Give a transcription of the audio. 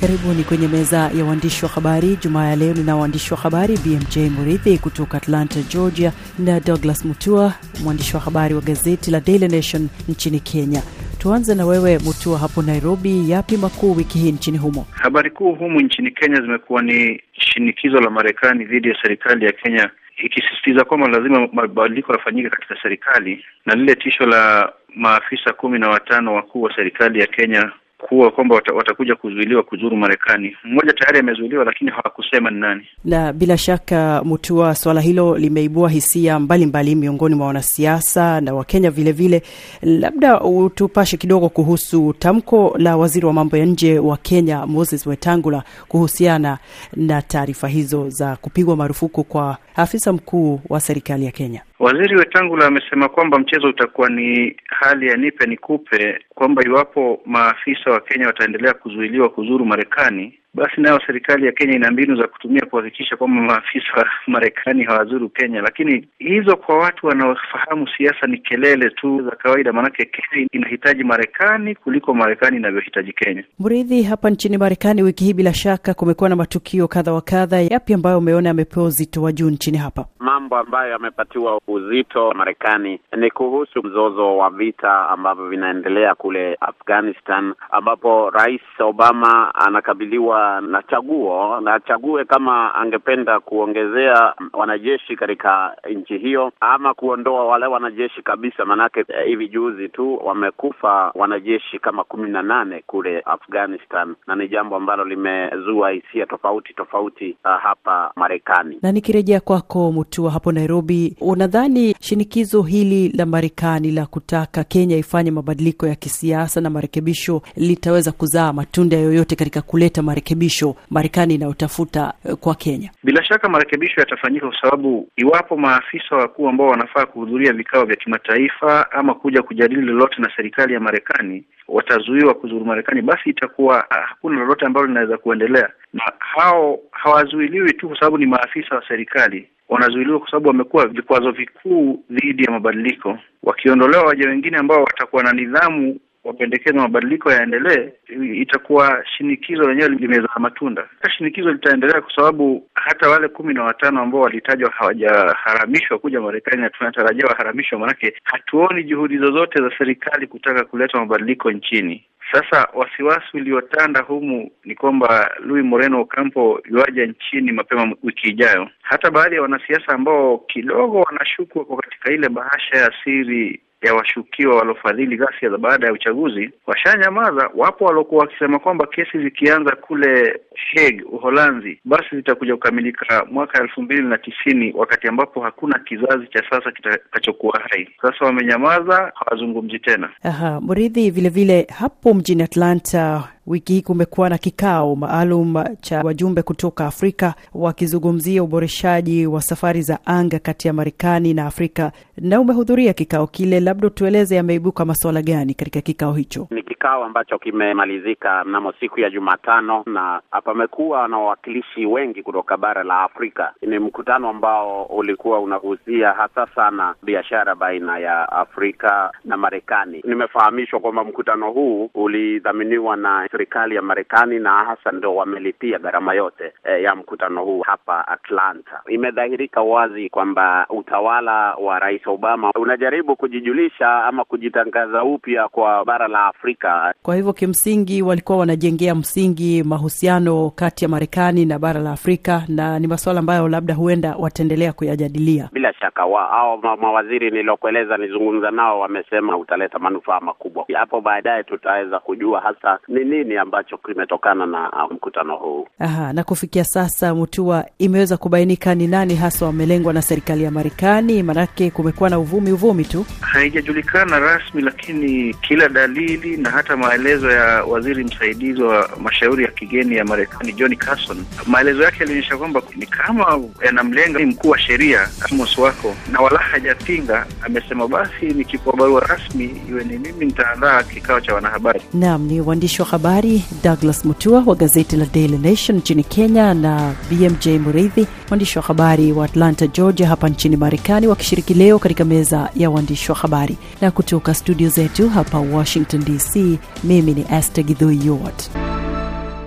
Karibuni kwenye meza ya waandishi wa habari jumaa ya leo. Nina waandishi wa habari BMJ Murithi kutoka Atlanta, Georgia, na Douglas Mutua, mwandishi wa habari wa gazeti la Daily Nation nchini Kenya. Tuanze na wewe Mutua hapo Nairobi, yapi makuu wiki hii nchini humo? Habari kuu humu nchini Kenya zimekuwa ni shinikizo la Marekani dhidi ya serikali ya Kenya ikisisitiza kwamba lazima mabadiliko yafanyike katika serikali na lile tisho la maafisa kumi na watano wakuu wa serikali ya Kenya kuwa kwamba watakuja kuzuiliwa kuzuru Marekani. Mmoja tayari amezuiliwa, lakini hawakusema ni nani. Na bila shaka, Mutua, swala hilo limeibua hisia mbalimbali miongoni mwa wanasiasa na Wakenya vilevile. Labda utupashe kidogo kuhusu tamko la waziri wa mambo ya nje wa Kenya Moses Wetangula kuhusiana na taarifa hizo za kupigwa marufuku kwa afisa mkuu wa serikali ya Kenya. Waziri Wetangula amesema kwamba mchezo utakuwa ni hali ya nipe nikupe, kwamba iwapo maafisa wa Kenya wataendelea kuzuiliwa kuzuru Marekani, basi nayo serikali ya Kenya ina mbinu za kutumia kuhakikisha kwamba maafisa wa Marekani hawazuru Kenya, lakini hizo kwa watu wanaofahamu siasa ni kelele tu za kawaida, maanake Kenya inahitaji Marekani kuliko Marekani inavyohitaji Kenya. Mridhi, hapa nchini Marekani wiki hii bila shaka kumekuwa na matukio kadha wa kadha, yapi ambayo umeona yamepewa uzito wa juu nchini hapa? Mambo ambayo yamepatiwa uzito Marekani ni kuhusu mzozo wa vita ambavyo vinaendelea kule Afghanistan, ambapo Rais Obama anakabiliwa kuwa na chaguo na achague kama angependa kuongezea wanajeshi katika nchi hiyo ama kuondoa wale wanajeshi kabisa. Manake eh, hivi juzi tu wamekufa wanajeshi kama kumi na nane kule Afghanistan, na ni jambo ambalo limezua hisia tofauti tofauti ah, hapa Marekani. Na nikirejea kwako Mutua hapo Nairobi, unadhani shinikizo hili la Marekani la kutaka Kenya ifanye mabadiliko ya kisiasa na marekebisho litaweza kuzaa matunda yoyote katika kuleta Marekani marekebisho Marekani inayotafuta eh, kwa Kenya? Bila shaka marekebisho yatafanyika, kwa sababu iwapo maafisa wakuu ambao wanafaa kuhudhuria vikao vya kimataifa ama kuja kujadili lolote na serikali ya Marekani watazuiwa kuzuru Marekani, basi itakuwa ah, hakuna lolote ambalo linaweza kuendelea. Na hao hawazuiliwi tu kwa sababu ni maafisa wa serikali, wanazuiliwa kwa sababu wamekuwa vikwazo vikuu dhidi ya mabadiliko. Wakiondolewa waja wengine ambao watakuwa na nidhamu wapendekeza mabadiliko yaendelee, itakuwa shinikizo lenyewe limezaa matunda. Shinikizo litaendelea kwa sababu hata wale kumi na watano ambao walitajwa hawajaharamishwa kuja Marekani, na tunatarajia waharamishwa, manake hatuoni juhudi zozote za serikali kutaka kuleta mabadiliko nchini. Sasa wasiwasi uliotanda humu ni kwamba Luis Moreno Ocampo yuaja nchini mapema wiki ijayo. Hata baadhi ya wanasiasa ambao kidogo wanashukwa kwa katika ile bahasha ya siri ya washukiwa waliofadhili ghasia za baada ya uchaguzi washanyamaza. Wapo waliokuwa wakisema kwamba kesi zikianza kule Hague, Uholanzi, basi zitakuja kukamilika mwaka elfu mbili na tisini, wakati ambapo hakuna kizazi cha sasa kitakachokuwa hai. Sasa wamenyamaza, hawazungumzi tena. Aha, Mridhi, vilevile hapo mjini Atlanta Wiki hii kumekuwa na kikao maalum cha wajumbe kutoka Afrika wakizungumzia uboreshaji wa safari za anga kati ya Marekani na Afrika, na umehudhuria kikao kile. Labda tueleze yameibuka masuala gani katika kikao hicho? Ni kikao ambacho kimemalizika mnamo siku ya Jumatano na pamekuwa na wawakilishi wengi kutoka bara la Afrika. Ni mkutano ambao ulikuwa unahusia hasa sana biashara baina ya Afrika na Marekani. Nimefahamishwa kwamba mkutano huu ulidhaminiwa na serikali ya Marekani na hasa ndio wamelipia gharama yote e, ya mkutano huu hapa Atlanta. Imedhahirika wazi kwamba utawala wa Rais Obama unajaribu kujijulisha ama kujitangaza upya kwa bara la Afrika. Kwa hivyo kimsingi walikuwa wanajengea msingi mahusiano kati ya Marekani na bara la Afrika, na ni masuala ambayo labda huenda wataendelea kuyajadilia. Bila shaka au ma, mawaziri niliokueleza nizungumza nao wamesema utaleta manufaa makubwa. Hapo baadaye tutaweza kujua hasa ni nini nini ambacho kimetokana na uh, mkutano huu. Aha, na kufikia sasa Mutua, imeweza kubainika ni nani hasa wamelengwa na serikali ya Marekani? Maanake kumekuwa na uvumi uvumi tu, haijajulikana rasmi, lakini kila dalili na hata maelezo ya waziri msaidizi wa mashauri kigeni ya Marekani John Carson. Maelezo yake yalionyesha kwamba ni kama yanamlenga mkuu wa sheria Amos Wako, na wala hajapinga. Amesema basi nikipewa barua rasmi iwe ni mimi, nitaandaa kikao cha wanahabari. Naam, ni waandishi wa habari Douglas Mutua wa gazeti la Daily Nation nchini Kenya na BMJ Mureithi, mwandishi wa habari wa Atlanta, Georgia hapa nchini Marekani, wakishiriki leo katika meza ya waandishi wa habari. Na kutoka studio zetu hapa Washington DC, mimi ni Esther Gidhui Yuwat.